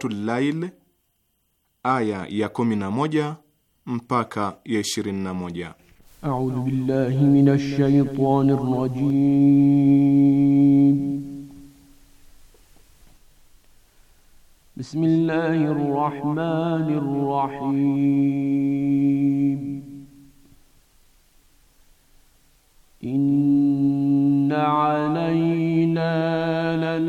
Suratul Lail aya ya moja mpaka ya moja. A'udhu billahi minash shaitanir rajim. Bismillahir rahmanir rahim. Inna alayna lal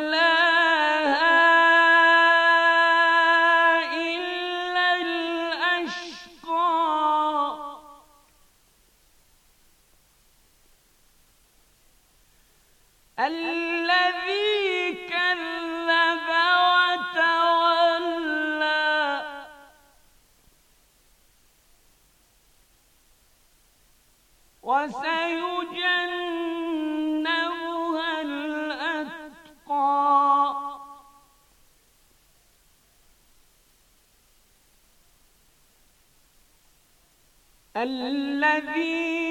الذي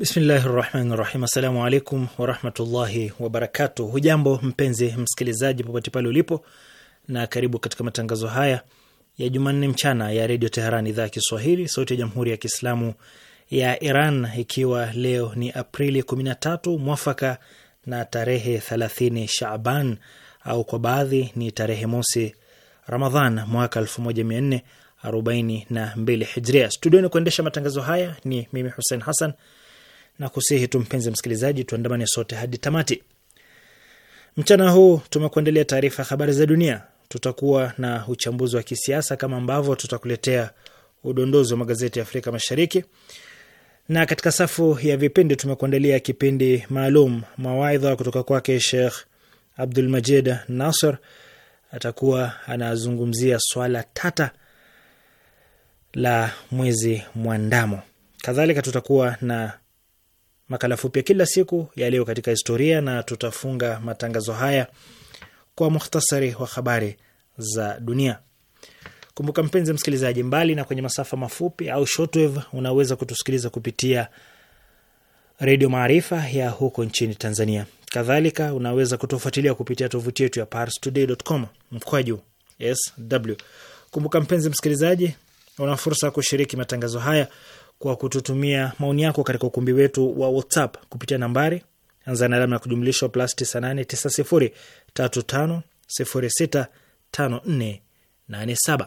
Bismillahi rahmani rahim. Assalamu alaikum warahmatullahi wabarakatu. Hujambo mpenzi msikilizaji, popote pale ulipo, na karibu katika matangazo haya ya Jumanne mchana ya Redio Teheran, idhaa ya Kiswahili, sauti ya Jamhuri ya Kiislamu ya Iran, ikiwa leo ni Aprili 13 mwafaka na tarehe 30 Shaban au kwa baadhi ni tarehe mosi Ramadhan mwaka 1442 Hijria. Studioni kuendesha matangazo haya ni mimi Hussein Hassan na kusihi tu mpenzi msikilizaji, tuandamane sote hadi tamati. Mchana huu tumekuandalia taarifa ya habari za dunia, tutakuwa na uchambuzi wa kisiasa kama ambavyo tutakuletea udondozi wa magazeti ya Afrika Mashariki, na katika safu ya vipindi tumekuandalia kipindi maalum mawaidha kutoka kwake Sheikh Abdul Majid Nasr. Atakuwa anazungumzia swala tata la mwezi mwandamo. Kadhalika tutakuwa na makala fupi ya kila siku yaliyo katika historia, na tutafunga matangazo haya kwa muhtasari wa habari za dunia. Kumbuka mpenzi msikilizaji, mbali na kwenye masafa mafupi au shortwave, unaweza kutusikiliza kupitia Redio Maarifa ya huko nchini Tanzania. Kadhalika unaweza kutufuatilia kupitia tovuti yetu ya parstoday.com mkwaju sw. Kumbuka mpenzi msikilizaji, una fursa ya kushiriki matangazo haya kwa kututumia maoni yako katika ukumbi wetu wa WhatsApp kupitia nambari anza na alama ya kujumlisha plus 98 90 35 06 54 87.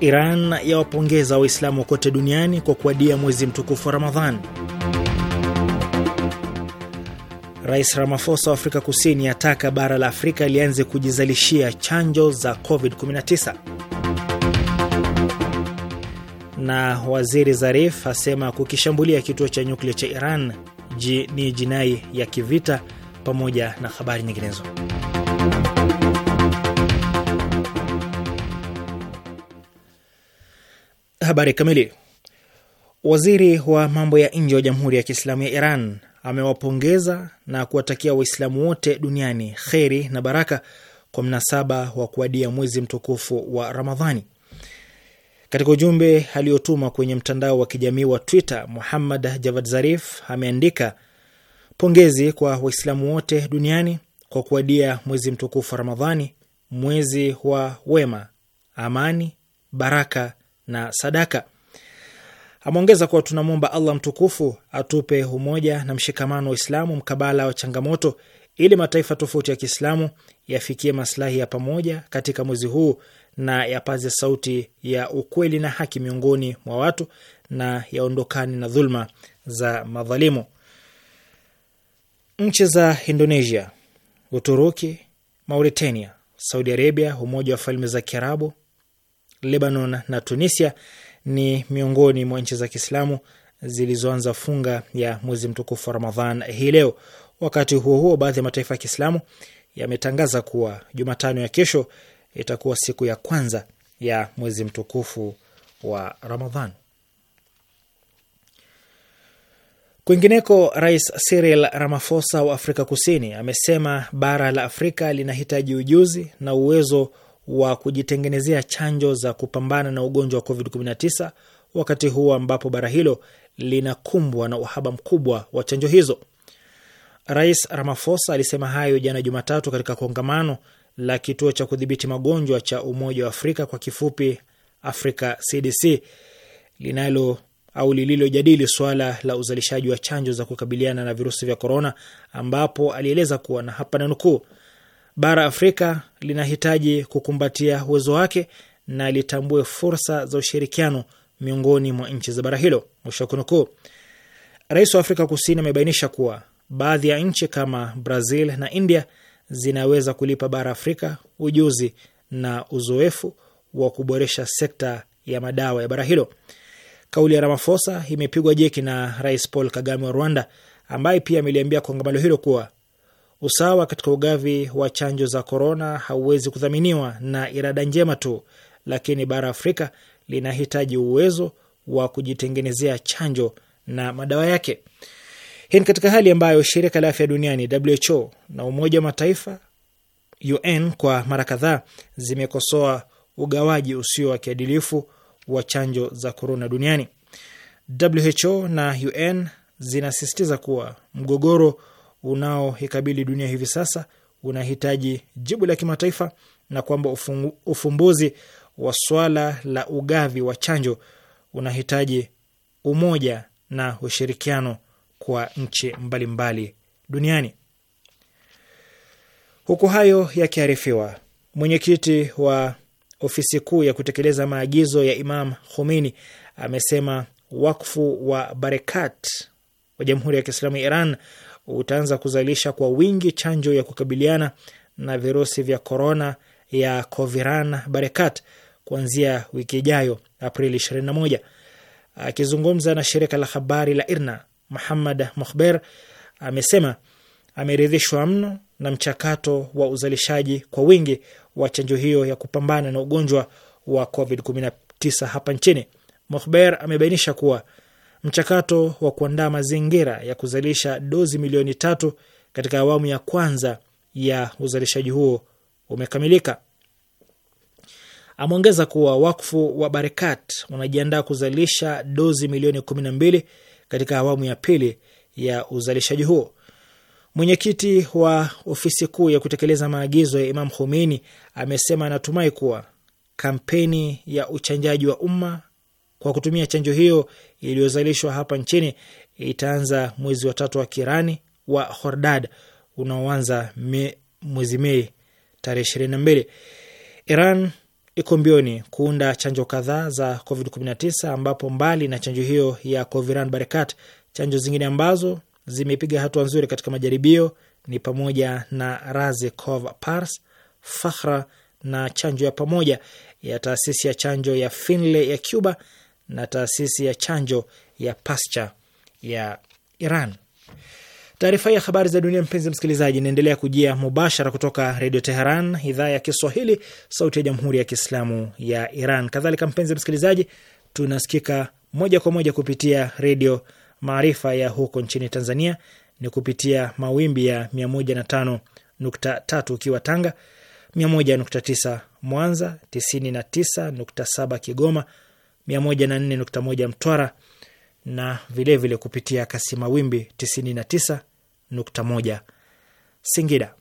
Iran yawapongeza Waislamu kote duniani kwa kuadia mwezi mtukufu wa Ramadhan. Rais Ramaphosa wa Afrika Kusini ataka bara la Afrika lianze kujizalishia chanjo za COVID-19, na waziri Zarif asema kukishambulia kituo cha nyuklia cha Iran ni jinai ya kivita, pamoja na habari nyinginezo. Habari kamili. Waziri wa mambo ya nje wa Jamhuri ya Kiislamu ya Iran amewapongeza na kuwatakia Waislamu wote duniani kheri na baraka kwa mnasaba wa kuadia mwezi mtukufu wa Ramadhani. Katika ujumbe aliotuma kwenye mtandao wa kijamii wa Twitter, Muhammad Javad Zarif ameandika pongezi kwa Waislamu wote duniani kwa kuadia mwezi mtukufu wa Ramadhani, mwezi wa wema, amani, baraka na sadaka. Ameongeza kuwa tunamwomba Allah mtukufu atupe umoja na mshikamano wa islamu mkabala wa changamoto, ili mataifa tofauti ya Kiislamu yafikie maslahi ya pamoja katika mwezi huu na yapaze sauti ya ukweli na haki miongoni mwa watu na yaondokane na dhulma za madhalimu. Nchi za Indonesia, Uturuki, Mauritania, Saudi Arabia, Umoja wa Falme za Kiarabu, Lebanon na Tunisia ni miongoni mwa nchi za Kiislamu zilizoanza funga ya mwezi mtukufu wa Ramadhan hii leo. Wakati huo huo, baadhi ya mataifa ya Kiislamu yametangaza kuwa Jumatano ya kesho itakuwa siku ya kwanza ya mwezi mtukufu wa Ramadhan. Kwingineko, Rais Cyril Ramaphosa wa Afrika Kusini amesema bara la Afrika linahitaji ujuzi na uwezo wa kujitengenezea chanjo za kupambana na ugonjwa wa COVID-19 wakati huo ambapo bara hilo linakumbwa na uhaba mkubwa wa chanjo hizo. Rais Ramaphosa alisema hayo jana Jumatatu katika kongamano la kituo cha kudhibiti magonjwa cha Umoja wa Afrika kwa kifupi Africa CDC linalo au lililojadili suala la uzalishaji wa chanjo za kukabiliana na virusi vya korona, ambapo alieleza kuwa na hapa na nukuu bara Afrika linahitaji kukumbatia uwezo wake na litambue fursa za ushirikiano miongoni mwa nchi za bara hilo. Mwisho wa kunukuu. Rais wa Afrika Kusini amebainisha kuwa baadhi ya nchi kama Brazil na India zinaweza kulipa bara Afrika ujuzi na uzoefu wa kuboresha sekta ya madawa ya bara hilo. Kauli ya Ramaphosa imepigwa jeki na Rais Paul Kagame wa Rwanda, ambaye pia ameliambia kongamano hilo kuwa Usawa katika ugavi wa chanjo za korona hauwezi kudhaminiwa na irada njema tu, lakini bara Afrika linahitaji uwezo wa kujitengenezea chanjo na madawa yake. Hii ni katika hali ambayo shirika la afya duniani WHO na Umoja wa Mataifa UN kwa mara kadhaa zimekosoa ugawaji usio wa kiadilifu wa chanjo za korona duniani. WHO na UN zinasisitiza kuwa mgogoro unaoikabili dunia hivi sasa unahitaji jibu la kimataifa na kwamba ufumbuzi wa swala la ugavi wa chanjo unahitaji umoja na ushirikiano kwa nchi mbalimbali duniani. Huku hayo yakiarifiwa, mwenyekiti wa ofisi kuu ya kutekeleza maagizo ya Imam Khomeini amesema wakfu wa Barekat wa Jamhuri ya Kiislamu ya Iran utaanza kuzalisha kwa wingi chanjo ya kukabiliana na virusi vya korona ya Coviran Barekat kuanzia wiki ijayo Aprili 21. Akizungumza na shirika la habari la IRNA, Muhammad mohber amesema ameridhishwa mno na mchakato wa uzalishaji kwa wingi wa chanjo hiyo ya kupambana na ugonjwa wa COVID-19 hapa nchini. mohber amebainisha kuwa mchakato wa kuandaa mazingira ya kuzalisha dozi milioni tatu katika awamu ya kwanza ya uzalishaji huo umekamilika. Ameongeza kuwa wakfu wa Barekat unajiandaa kuzalisha dozi milioni kumi na mbili katika awamu ya pili ya uzalishaji huo. Mwenyekiti wa ofisi kuu ya kutekeleza maagizo ya Imam Khomeini amesema anatumai kuwa kampeni ya uchanjaji wa umma kwa kutumia chanjo hiyo iliyozalishwa hapa nchini itaanza mwezi wa tatu wa kirani wa Hordad unaoanza me, mwezi Mei tarehe ishirini na mbili. Iran iko mbioni kuunda chanjo kadhaa za COVID-19 ambapo mbali na chanjo hiyo ya Coviran Barakat, chanjo zingine ambazo zimepiga hatua nzuri katika majaribio ni pamoja na Cov Pars, Fakhra na chanjo ya pamoja ya taasisi ya chanjo ya Finlay ya Cuba na taasisi ya chanjo ya Pasteur ya Iran. Taarifa ya habari za dunia, mpenzi msikilizaji, inaendelea kujia mubashara kutoka Redio Teheran, idhaa ya Kiswahili, sauti ya jamhuri ya kiislamu ya Iran. Kadhalika mpenzi msikilizaji, tunasikika moja kwa moja kupitia Redio Maarifa ya huko nchini Tanzania ni kupitia mawimbi ya 105.3 ukiwa Tanga, 101.9 Mwanza, 99.7 Kigoma 104.1 Mtwara na vilevile vile kupitia kasi mawimbi 99.1 Singida.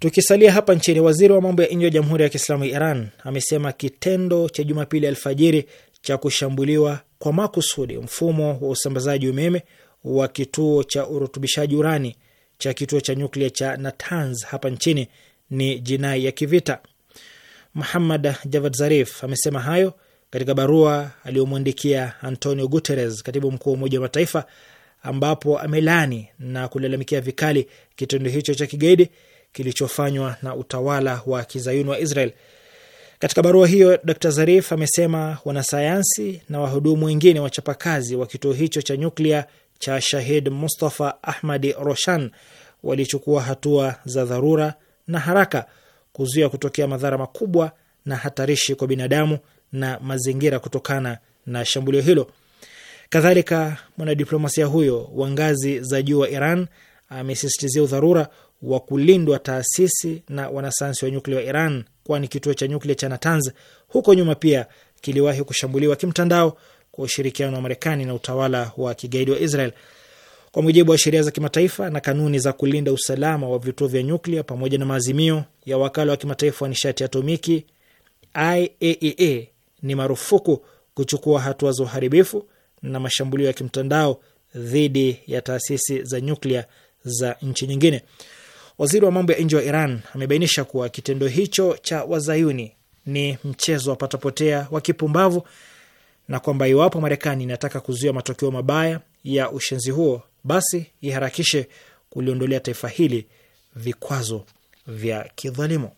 Tukisalia hapa nchini, waziri wa mambo ya nje wa Jamhuri ya Kiislamu ya Iran amesema kitendo cha Jumapili alfajiri cha kushambuliwa kwa makusudi mfumo wa usambazaji umeme wa kituo cha urutubishaji urani cha kituo cha nyuklia cha Natanz hapa nchini ni jinai ya kivita. Muhammad Javad Zarif amesema hayo katika barua aliyomwandikia Antonio Guterres, katibu mkuu wa Umoja wa Mataifa, ambapo amelani na kulalamikia vikali kitendo hicho cha kigaidi kilichofanywa na utawala wa kizayuni wa Israel. Katika barua hiyo, Dr Zarif amesema wanasayansi na wahudumu wengine wachapakazi wa kituo hicho cha nyuklia cha Shahid Mustafa Ahmadi Roshan walichukua hatua za dharura na haraka kuzuia kutokea madhara makubwa na hatarishi kwa binadamu na mazingira kutokana na shambulio hilo. Kadhalika, mwanadiplomasia huyo wa ngazi za juu wa Iran amesisitizia udharura wa kulindwa taasisi na wanasayansi wa nyuklia wa Iran, kwani kituo cha nyuklia cha Natanz huko nyuma pia kiliwahi kushambuliwa kimtandao kwa ushirikiano wa Marekani na utawala wa kigaidi wa Israel kwa mujibu wa sheria za kimataifa na kanuni za kulinda usalama wa vituo vya nyuklia pamoja na maazimio ya wakala wa kimataifa wa nishati ya atomiki IAEA, e ni marufuku kuchukua hatua za uharibifu na mashambulio ya kimtandao dhidi ya taasisi za nyuklia za nchi nyingine. Waziri wa mambo ya nje wa Iran amebainisha kuwa kitendo hicho cha wazayuni ni mchezo wa patapotea wa kipumbavu na kwamba iwapo Marekani inataka kuzuia matokeo mabaya ya ushenzi huo basi iharakishe kuliondolea taifa hili vikwazo vya kidhalimu.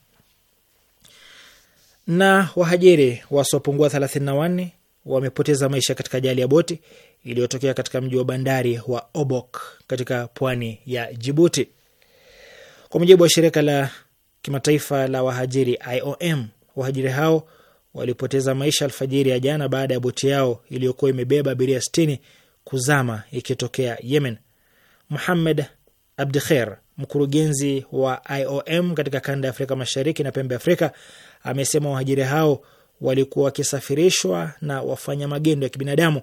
Na wahajiri wasiopungua thelathini na wanne wamepoteza maisha katika ajali ya boti iliyotokea katika mji wa bandari wa Obok katika pwani ya Jibuti. Kwa mujibu wa shirika la kimataifa la wahajiri IOM, wahajiri hao walipoteza maisha alfajiri ya jana baada ya boti yao iliyokuwa imebeba abiria sitini kuzama ikitokea Yemen. Muhamed Abdikher, mkurugenzi wa IOM katika kanda ya Afrika Mashariki na pembe Afrika, amesema wahajiri hao walikuwa wakisafirishwa na wafanya magendo ya kibinadamu.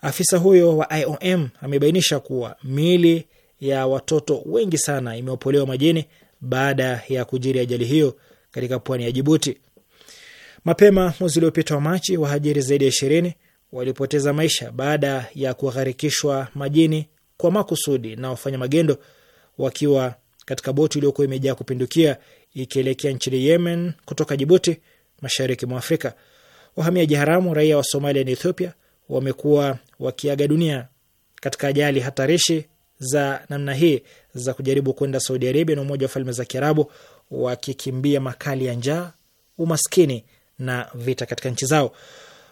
Afisa huyo wa IOM amebainisha kuwa miili ya watoto wengi sana imeopolewa majini baada ya kujiri ajali hiyo katika pwani ya Jibuti. Mapema mwezi uliopita wa Machi, wahajiri zaidi ya ishirini walipoteza maisha baada ya kugharikishwa majini kwa makusudi na wafanya magendo wakiwa katika boti iliyokuwa imejaa kupindukia ikielekea nchini Yemen kutoka Jibuti, mashariki mwa Afrika. Wahamiaji haramu raia wa Somalia na Ethiopia wamekuwa wakiaga dunia katika ajali hatarishi za namna hii za kujaribu kwenda Saudi Arabia na Umoja wa Falme za Kiarabu, wakikimbia makali ya njaa, umaskini na vita katika nchi zao.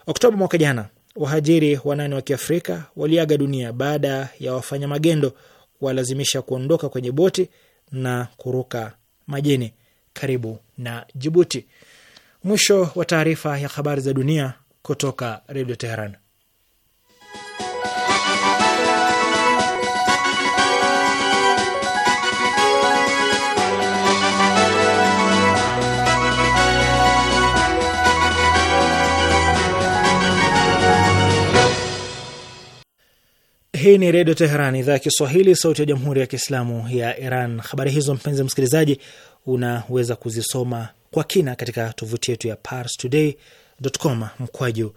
Oktoba mwaka jana wahajiri wanane wa Kiafrika waliaga dunia baada ya wafanya magendo kuwalazimisha kuondoka kwenye boti na kuruka majini karibu na Jibuti. Mwisho wa taarifa ya habari za dunia kutoka Redio Teheran. Hii ni Redio Teheran, idhaa ya Kiswahili, sauti ya Jamhuri ya Kiislamu ya Iran. Habari hizo, mpenzi msikilizaji, unaweza kuzisoma kwa kina katika tovuti yetu ya parstoday.com mkwaju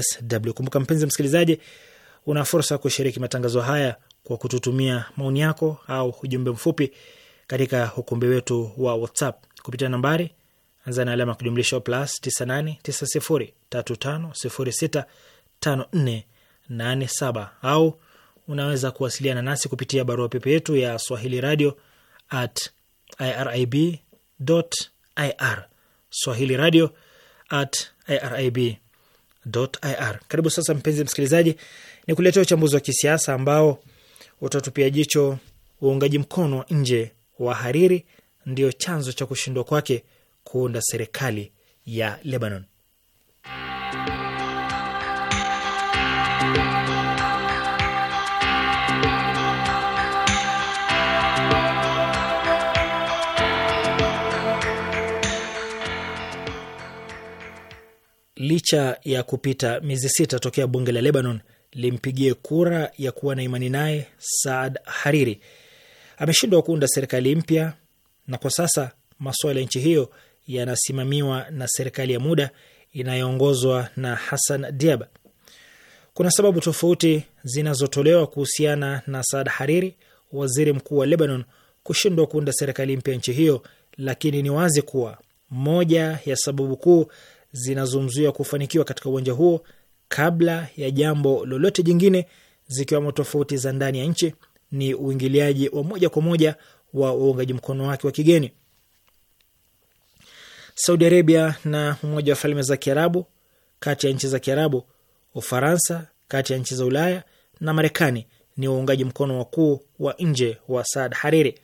sw. Kumbuka mpenzi msikilizaji, una fursa kushiriki matangazo haya kwa kututumia maoni yako au ujumbe mfupi katika ukumbi wetu wa WhatsApp kupitia nambari anza na alama ya kujumlisha plus 989035065487 au unaweza kuwasiliana nasi kupitia barua pepe yetu ya swahili radio at irib ir, swahili radio at irib ir. Karibu sasa, mpenzi msikilizaji, ni kuletea uchambuzi wa kisiasa ambao utatupia jicho uungaji mkono nje wa Hariri ndio chanzo cha kushindwa kwake kuunda serikali ya Lebanon. licha ya kupita miezi sita tokea bunge la Lebanon limpigie kura ya kuwa na imani naye Saad Hariri, ameshindwa kuunda serikali mpya, na kwa sasa masuala ya nchi hiyo yanasimamiwa na serikali ya muda inayoongozwa na Hassan Diab. Kuna sababu tofauti zinazotolewa kuhusiana na Saad Hariri, waziri mkuu wa Lebanon, kushindwa kuunda serikali mpya nchi hiyo, lakini ni wazi kuwa moja ya sababu kuu zinazomzuia kufanikiwa katika uwanja huo kabla ya jambo lolote jingine, zikiwemo tofauti za ndani ya nchi, ni uingiliaji wa moja kwa moja wa uungaji mkono wake wa kigeni. Saudi Arabia na Umoja wa Falme za Kiarabu kati ya nchi za Kiarabu, Ufaransa kati ya nchi za Ulaya na Marekani ni waungaji mkono wakuu wa nje wa Saad Hariri.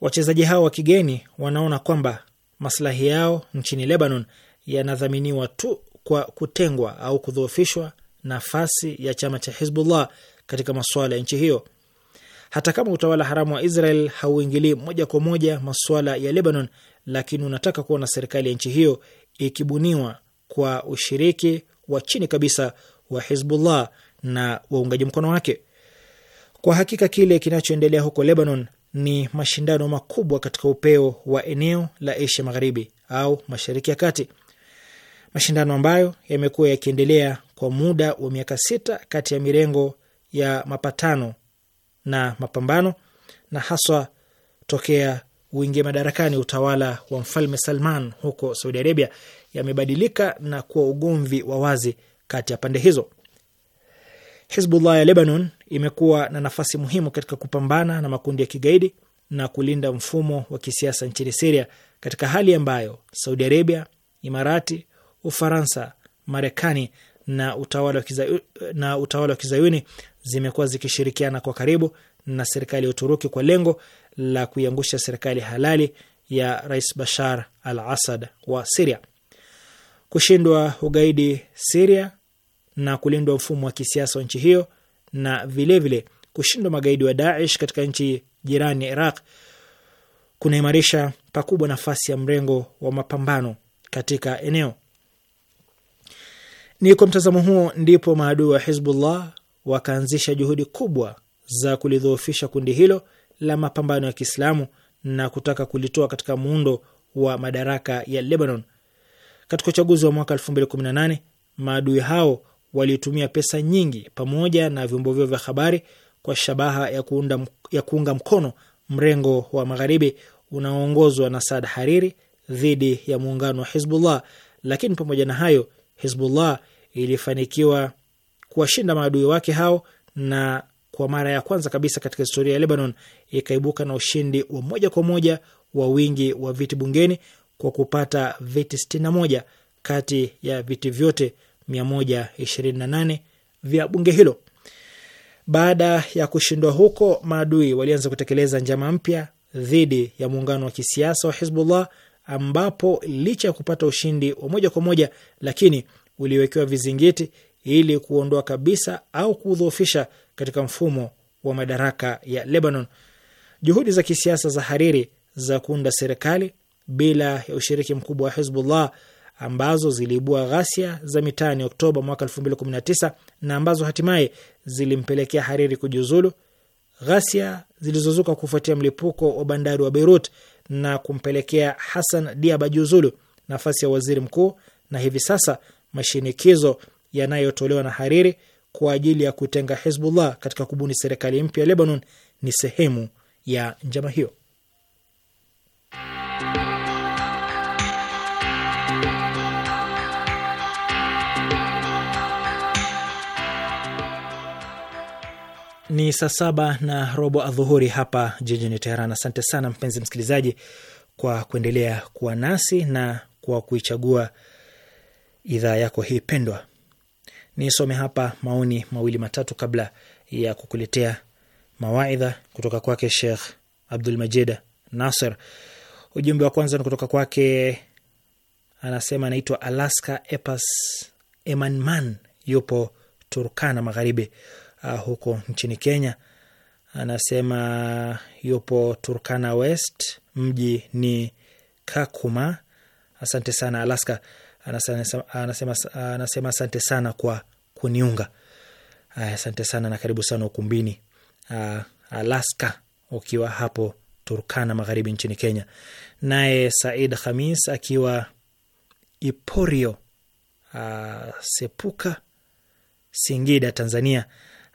Wachezaji hao wa kigeni wanaona kwamba maslahi yao nchini Lebanon yanadhaminiwa tu kwa kutengwa au kudhoofishwa nafasi ya chama cha Hizbullah katika masuala ya nchi hiyo. Hata kama utawala haramu wa Israel hauingilii moja kwa moja masuala ya Lebanon, lakini unataka kuona serikali ya nchi hiyo ikibuniwa kwa ushiriki wa chini kabisa wa Hizbullah na waungaji mkono wake. Kwa hakika kile kinachoendelea huko Lebanon ni mashindano makubwa katika upeo wa eneo la Asia Magharibi au Mashariki ya Kati, mashindano ambayo yamekuwa yakiendelea kwa muda wa miaka sita kati ya mirengo ya mapatano na mapambano na haswa tokea uingie madarakani utawala wa mfalme Salman huko Saudi Arabia, yamebadilika na kuwa ugomvi wa wazi kati ya pande hizo. Hizbullah ya Lebanon imekuwa na nafasi muhimu katika kupambana na makundi ya kigaidi na kulinda mfumo wa kisiasa nchini Siria katika hali ambayo Saudi Arabia, Imarati, Ufaransa, Marekani na utawala wa kizayuni zimekuwa zikishirikiana kwa karibu na serikali ya Uturuki kwa lengo la kuiangusha serikali halali ya Rais Bashar al Asad wa Siria. Kushindwa ugaidi Siria na kulindwa mfumo wa kisiasa wa nchi hiyo na vilevile kushindwa magaidi wa Daesh katika nchi jirani ya Iraq kunaimarisha pakubwa nafasi ya mrengo wa mapambano katika eneo. Ni kwa mtazamo huo ndipo maadui wa Hizbullah wakaanzisha juhudi kubwa za kulidhoofisha kundi hilo la mapambano ya Kiislamu na kutaka kulitoa katika muundo wa madaraka ya Lebanon. Katika uchaguzi wa mwaka 2018 maadui hao walitumia pesa nyingi pamoja na vyombo vyao vya habari kwa shabaha ya, kuunda, ya kuunga mkono mrengo wa magharibi unaoongozwa na Saad Hariri dhidi ya muungano wa Hizbullah. Lakini pamoja na hayo, Hizbullah ilifanikiwa kuwashinda maadui wake hao na kwa mara ya kwanza kabisa katika historia ya Lebanon ikaibuka na ushindi wa moja kwa moja wa wingi wa viti bungeni kwa kupata viti 61 kati ya viti vyote 128 vya bunge hilo. Baada ya kushindwa huko, maadui walianza kutekeleza njama mpya dhidi ya muungano wa kisiasa wa Hizbullah, ambapo licha ya kupata ushindi wa moja kwa moja, lakini uliwekewa vizingiti ili kuondoa kabisa au kudhoofisha katika mfumo wa madaraka ya Lebanon. Juhudi za kisiasa za Hariri za kuunda serikali bila ya ushiriki mkubwa wa Hizbullah ambazo ziliibua ghasia za mitaani Oktoba mwaka 2019 na ambazo hatimaye zilimpelekea Hariri kujiuzulu, ghasia zilizozuka kufuatia mlipuko wa bandari wa Beirut na kumpelekea Hassan Diaba jiuzulu nafasi ya waziri mkuu, na hivi sasa mashinikizo yanayotolewa na Hariri kwa ajili ya kutenga Hizbullah katika kubuni serikali mpya ya Lebanon ni sehemu ya njama hiyo. Ni saa saba na robo adhuhuri hapa jijini Teheran. Asante sana mpenzi msikilizaji kwa kuendelea kuwa nasi na kwa kuichagua idhaa yako hii pendwa. Nisome hapa maoni mawili matatu kabla ya kukuletea mawaidha kutoka kwake Shekh Abdul Majid Nasser. Ujumbe wa kwanza ni kutoka kwake, anasema anaitwa Alaska Epas Emanman, yupo Turkana Magharibi uh, huko nchini Kenya. Anasema yupo Turkana West, mji ni Kakuma. Asante sana Alaska. Anasema, anasema, anasema asante sana kwa kuniunga. Asante sana na karibu sana ukumbini uh, Alaska, ukiwa hapo Turkana magharibi nchini Kenya. Naye Said Khamis akiwa Iporio uh, Sepuka, Singida, Tanzania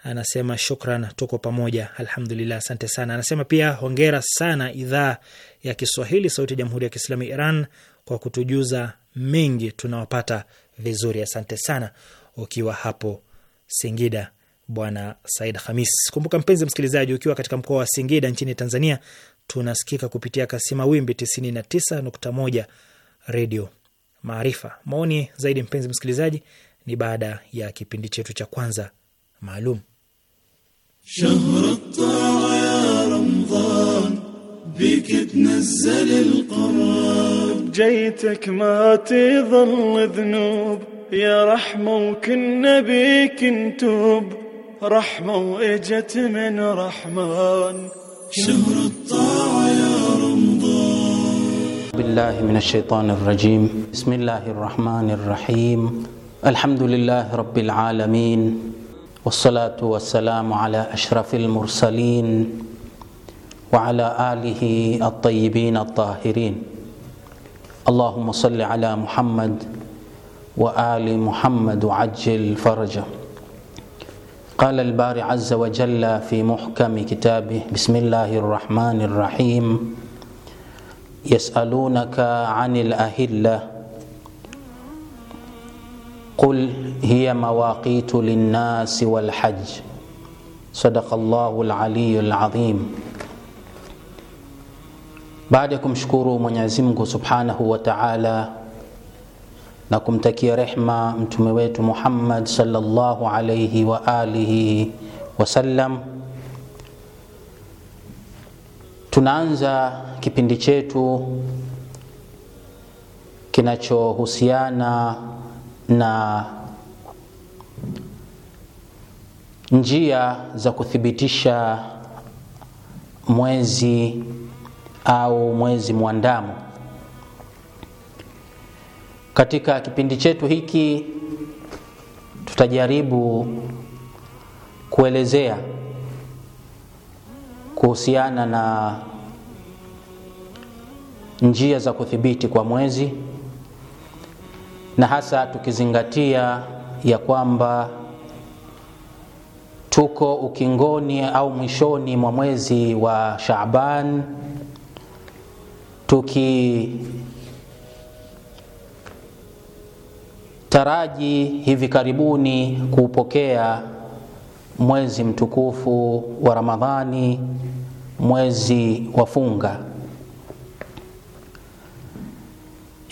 anasema shukran, tuko pamoja, alhamdulillah, asante sana. Anasema pia hongera sana idhaa ya Kiswahili sauti ya jamhuri ya Kiislamu Iran kwa kutujuza mengi, tunawapata vizuri, asante sana, ukiwa hapo Singida, Bwana Said Hamis. Kumbuka mpenzi msikilizaji, ukiwa katika mkoa wa Singida nchini Tanzania, tunasikika kupitia kasima wimbi 99.1 redio Maarifa. Maoni zaidi mpenzi msikilizaji ni baada ya kipindi chetu cha kwanza maalum. شهر الطاعة يا رمضان بك تنزل القرآن جيتك ما تظل ذنوب يا رحمة وكنا بيك نتوب رحمة وإجت من رحمن شهر الطاعة يا رمضان بالله من الشيطان الرجيم بسم الله الرحمن الرحيم الحمد لله رب العالمين والصلاة والسلام على أشرف المرسلين وعلى آله الطيبين الطاهرين اللهم صل على محمد وآل محمد وعجل فرجه قال الباري عز وجل في محكم كتابه بسم الله الرحمن الرحيم يسألونك عن الأهلة qul hiya mawaqitu linnasi walhaj sadaka llahu laliyu ladhim. Baada ya kumshukuru Mwenyezi Mungu subhanahu wa taala na kumtakia rehma mtume wetu Muhammad sallallahu alayhi wa alihi wasallam, tunaanza kipindi chetu kinachohusiana na njia za kuthibitisha mwezi au mwezi mwandamo. Katika kipindi chetu hiki tutajaribu kuelezea kuhusiana na njia za kuthibiti kwa mwezi na hasa tukizingatia ya kwamba tuko ukingoni au mwishoni mwa mwezi wa Shaaban, tukitaraji hivi karibuni kuupokea mwezi mtukufu wa Ramadhani, mwezi wa funga.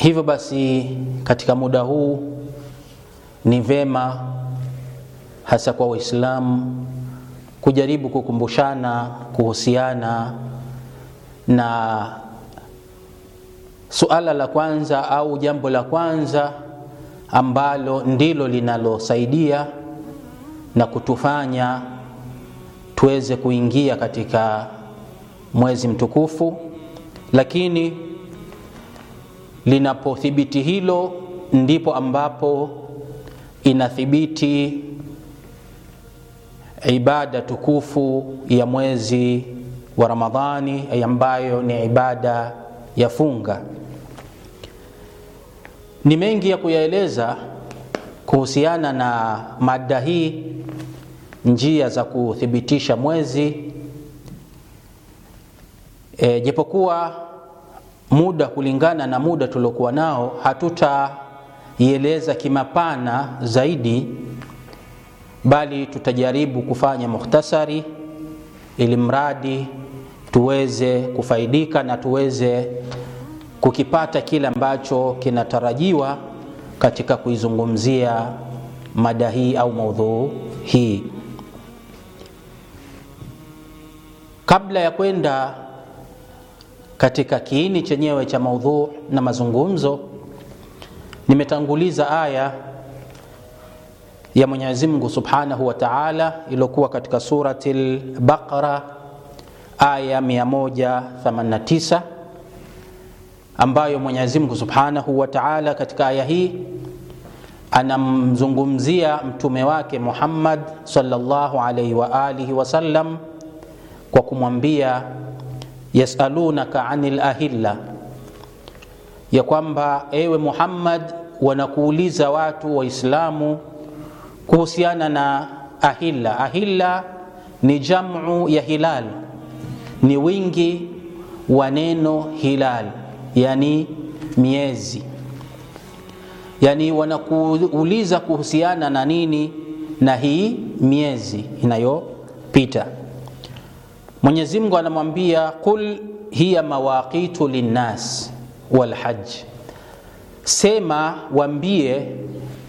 Hivyo basi katika muda huu ni vema hasa kwa Waislamu kujaribu kukumbushana kuhusiana na suala la kwanza au jambo la kwanza ambalo ndilo linalosaidia na kutufanya tuweze kuingia katika mwezi mtukufu, lakini Linapothibiti hilo, ndipo ambapo inathibiti ibada tukufu ya mwezi wa Ramadhani ambayo ni ibada ya funga. Ni mengi ya kuyaeleza kuhusiana na mada hii, njia za kuthibitisha mwezi e, japokuwa muda kulingana na muda tuliokuwa nao, hatutaieleza kimapana zaidi, bali tutajaribu kufanya mukhtasari, ili mradi tuweze kufaidika na tuweze kukipata kile ambacho kinatarajiwa katika kuizungumzia mada hii au maudhuu hii. Kabla ya kwenda katika kiini chenyewe cha maudhu na mazungumzo nimetanguliza aya ya Mwenyezi Mungu Subhanahu wa Ta'ala iliyokuwa katika surati al-Baqara aya 189 ambayo Mwenyezi Mungu Subhanahu wa Ta'ala katika aya hii anamzungumzia mtume wake Muhammad sallallahu alayhi wa alihi wasallam kwa kumwambia yasalunaka anil ahilla, ya kwamba ewe Muhammad, wanakuuliza watu Waislamu kuhusiana na ahilla. Ahilla ni jamu ya hilal, ni wingi wa neno hilal, yani miezi. Yani wanakuuliza kuhusiana na nini? Na hii miezi inayopita. Mwenyezi Mungu anamwambia qul hiya mawaqitu linnas walhajj, sema wambie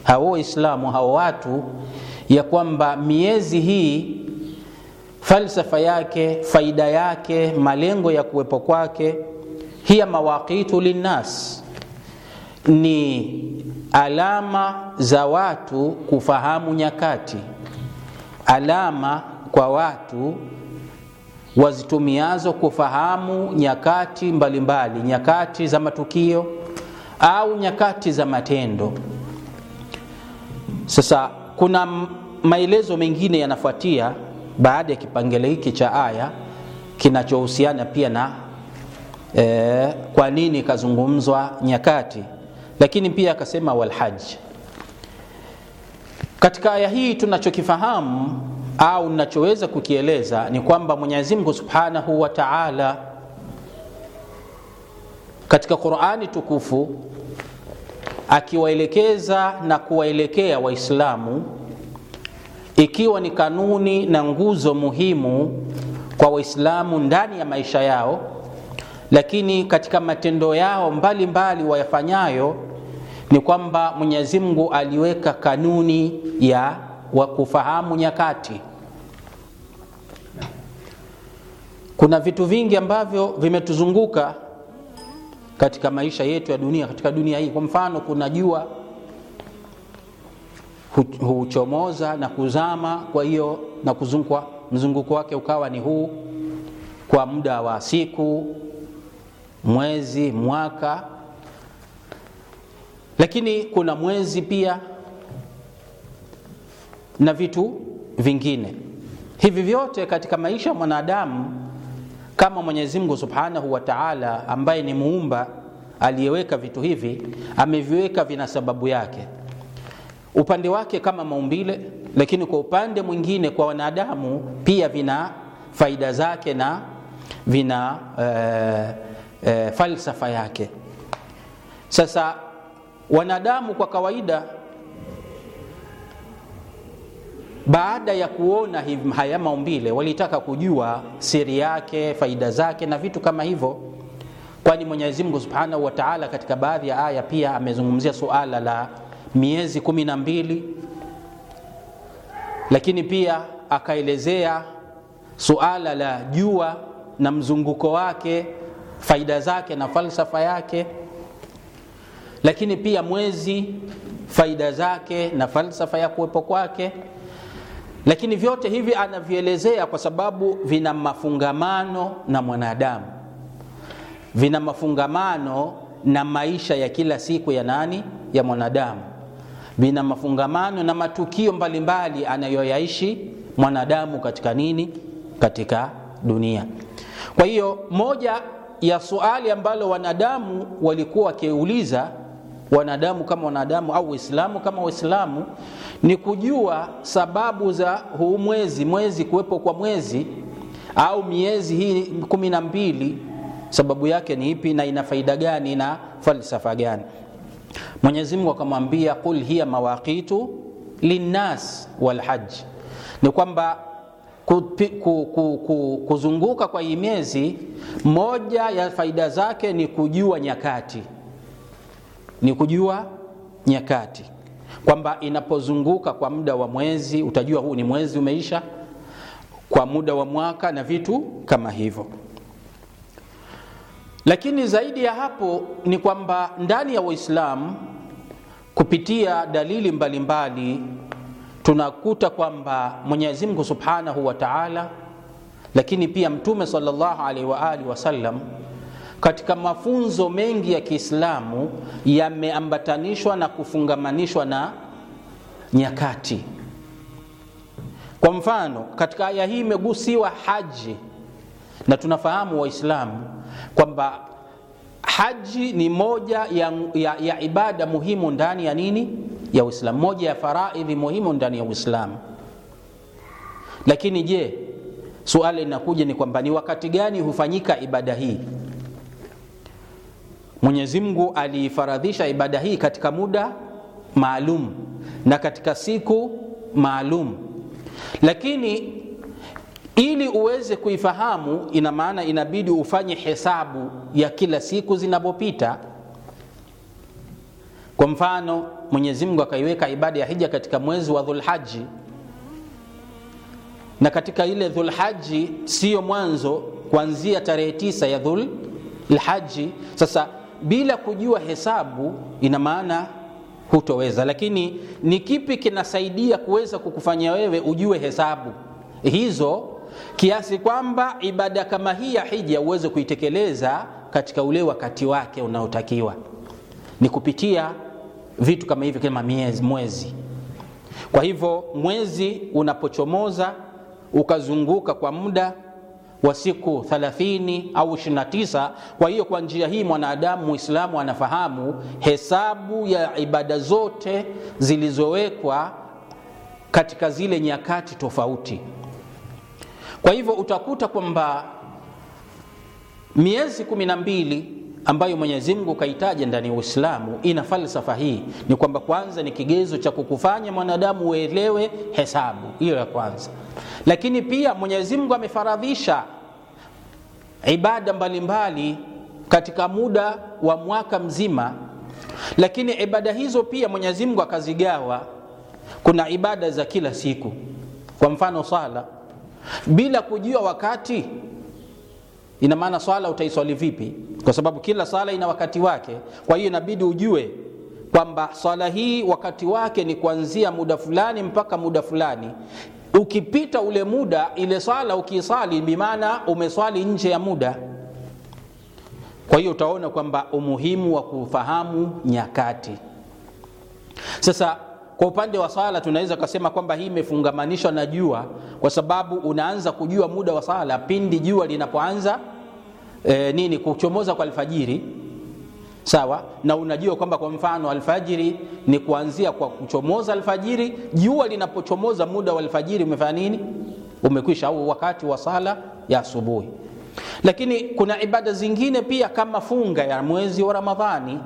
hao Waislamu hao watu ya kwamba miezi hii falsafa yake, faida yake, malengo ya kuwepo kwake, hiya mawaqitu linnas, ni alama za watu kufahamu nyakati, alama kwa watu wazitumiazo kufahamu nyakati mbalimbali mbali, nyakati za matukio au nyakati za matendo. Sasa kuna maelezo mengine yanafuatia baada ya kipengele hiki cha aya kinachohusiana pia na e, kwa nini ikazungumzwa nyakati, lakini pia akasema walhaji. Katika aya hii tunachokifahamu au ninachoweza kukieleza ni kwamba Mwenyezi Mungu Subhanahu wa Ta'ala katika Qur'ani tukufu akiwaelekeza na kuwaelekea Waislamu ikiwa ni kanuni na nguzo muhimu kwa Waislamu ndani ya maisha yao, lakini katika matendo yao mbalimbali mbali wayafanyayo, ni kwamba Mwenyezi Mungu aliweka kanuni ya wa kufahamu nyakati. Kuna vitu vingi ambavyo vimetuzunguka katika maisha yetu ya dunia, katika dunia hii. Kwa mfano, kuna jua huchomoza na kuzama, kwa hiyo na kuzungukwa, mzunguko wake ukawa ni huu kwa muda wa siku, mwezi, mwaka. Lakini kuna mwezi pia na vitu vingine. Hivi vyote katika maisha ya mwanadamu, kama Mwenyezi Mungu Subhanahu wa Ta'ala, ambaye ni muumba aliyeweka vitu hivi, ameviweka vina sababu yake, upande wake kama maumbile, lakini kwa upande mwingine kwa wanadamu pia vina faida zake na vina e, e, falsafa yake. Sasa wanadamu kwa kawaida Baada ya kuona haya maumbile, walitaka kujua siri yake, faida zake na vitu kama hivyo, kwani Mwenyezi Mungu Subhanahu wa Ta'ala katika baadhi ya aya pia amezungumzia suala la miezi kumi na mbili, lakini pia akaelezea suala la jua na mzunguko wake, faida zake na falsafa yake, lakini pia mwezi, faida zake na falsafa ya kuwepo kwake lakini vyote hivi anavielezea kwa sababu vina mafungamano na mwanadamu, vina mafungamano na maisha ya kila siku ya nani? Ya mwanadamu, vina mafungamano na matukio mbalimbali anayoyaishi mwanadamu katika nini? Katika dunia. Kwa hiyo moja ya suali ambalo wanadamu walikuwa wakiuliza wanadamu kama wanadamu au Uislamu kama Waislamu ni kujua sababu za huu mwezi mwezi kuwepo kwa mwezi au miezi hii kumi na mbili sababu yake ni ipi na ina faida gani na falsafa gani mwenyezi mungu akamwambia qul hiya mawaqitu linnas walhaji ni kwamba ku, ku, ku, ku, kuzunguka kwa hii miezi moja ya faida zake ni kujua nyakati ni kujua nyakati, kwamba inapozunguka kwa muda wa mwezi utajua huu ni mwezi umeisha, kwa muda wa mwaka na vitu kama hivyo. Lakini zaidi ya hapo ni kwamba ndani ya Uislamu kupitia dalili mbalimbali mbali, tunakuta kwamba Mwenyezi Mungu Subhanahu wa Ta'ala, lakini pia Mtume sallallahu alaihi wa alihi wasallam katika mafunzo mengi ya Kiislamu yameambatanishwa na kufungamanishwa na nyakati. Kwa mfano, katika aya hii imegusiwa haji, na tunafahamu Waislamu kwamba haji ni moja ya, ya, ya ibada muhimu ndani ya nini ya Uislamu, moja ya faraidhi muhimu ndani ya Uislamu. Lakini je, suali linakuja ni kwamba ni wakati gani hufanyika ibada hii? Mwenyezi Mungu aliifaradhisha ibada hii katika muda maalum na katika siku maalum, lakini ili uweze kuifahamu, ina maana inabidi ufanye hesabu ya kila siku zinapopita. Kwa mfano, Mwenyezi Mungu akaiweka ibada ya hija katika mwezi wa Dhulhaji, na katika ile Dhulhaji siyo mwanzo, kuanzia tarehe tisa ya Dhulhaji. Sasa bila kujua hesabu, ina maana hutoweza. Lakini ni kipi kinasaidia kuweza kukufanya wewe ujue hesabu hizo kiasi kwamba ibada kama hii ya hija uweze kuitekeleza katika ule wakati wake unaotakiwa? Ni kupitia vitu kama hivyo kama miezi, mwezi. Kwa hivyo mwezi unapochomoza ukazunguka kwa muda wa siku 30 au 29. Kwa hiyo kwa njia hii mwanadamu Muislamu anafahamu hesabu ya ibada zote zilizowekwa katika zile nyakati tofauti. Kwa hivyo utakuta kwamba miezi 12 ambayo Mwenyezi Mungu kaitaja ndani ya Uislamu ina falsafa hii, ni kwamba kwanza ni kigezo cha kukufanya mwanadamu uelewe hesabu hiyo ya kwanza. Lakini pia Mwenyezi Mungu amefaradhisha ibada mbalimbali mbali katika muda wa mwaka mzima, lakini ibada hizo pia Mwenyezi Mungu akazigawa. Kuna ibada za kila siku, kwa mfano swala. Bila kujua wakati, ina maana swala utaiswali vipi, kwa sababu kila swala ina wakati wake. Kwa hiyo inabidi ujue kwamba swala hii wakati wake ni kuanzia muda fulani mpaka muda fulani ukipita ule muda, ile swala ukiisali, bimaana umeswali nje ya muda. Kwa hiyo utaona kwamba umuhimu wa kufahamu nyakati. Sasa kwa upande wa sala tunaweza kusema kwamba hii imefungamanishwa na jua, kwa sababu unaanza kujua muda wa sala pindi jua linapoanza e, nini kuchomoza kwa alfajiri sawa na unajua kwamba kwa mfano alfajiri ni kuanzia kwa kuchomoza alfajiri jua linapochomoza muda wa alfajiri umefanya nini umekwisha au wakati wa sala ya asubuhi lakini kuna ibada zingine pia kama funga ya mwezi wa ramadhani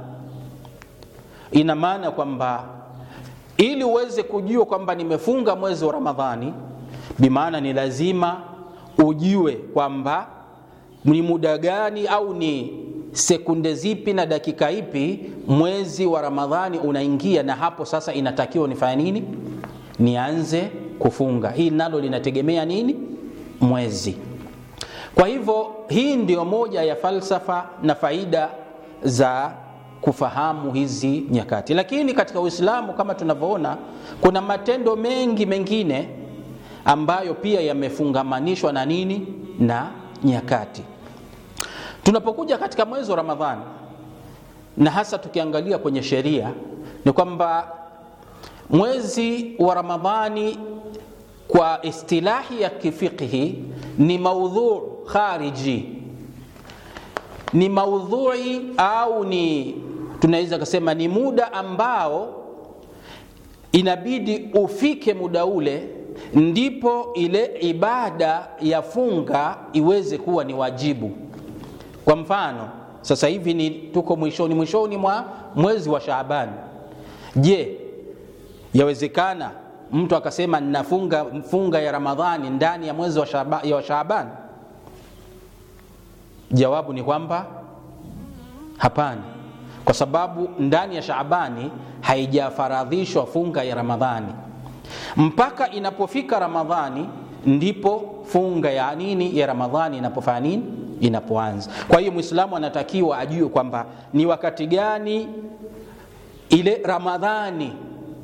ina maana kwamba ili uweze kujua kwamba nimefunga mwezi wa ramadhani bimaana ni lazima ujue kwamba ni muda gani au ni sekunde zipi na dakika ipi mwezi wa Ramadhani unaingia, na hapo sasa inatakiwa nifanye nini? Nianze kufunga. Hii nalo linategemea nini? Mwezi. Kwa hivyo hii ndio moja ya falsafa na faida za kufahamu hizi nyakati. Lakini katika Uislamu kama tunavyoona, kuna matendo mengi mengine ambayo pia yamefungamanishwa na nini, na nyakati. Tunapokuja katika mwezi wa Ramadhani na hasa tukiangalia kwenye sheria, ni kwamba mwezi wa Ramadhani kwa istilahi ya kifiqhi ni maudhu khariji, ni maudhui au ni tunaweza kusema ni muda ambao inabidi ufike muda ule ndipo ile ibada ya funga iweze kuwa ni wajibu. Kwa mfano sasa hivi ni tuko mwishoni mwishoni mwa mwezi wa Shaaban. Je, yawezekana mtu akasema ninafunga mfunga ya Ramadhani ndani ya mwezi wa Shaaban, Shaaban? Jawabu ni kwamba hapana, kwa sababu ndani ya Shaabani haijafaradhishwa funga ya Ramadhani. Mpaka inapofika Ramadhani ndipo funga ya nini ya Ramadhani inapofanya nini inapoanza. Kwa hiyo Mwislamu anatakiwa ajue kwamba ni wakati gani ile Ramadhani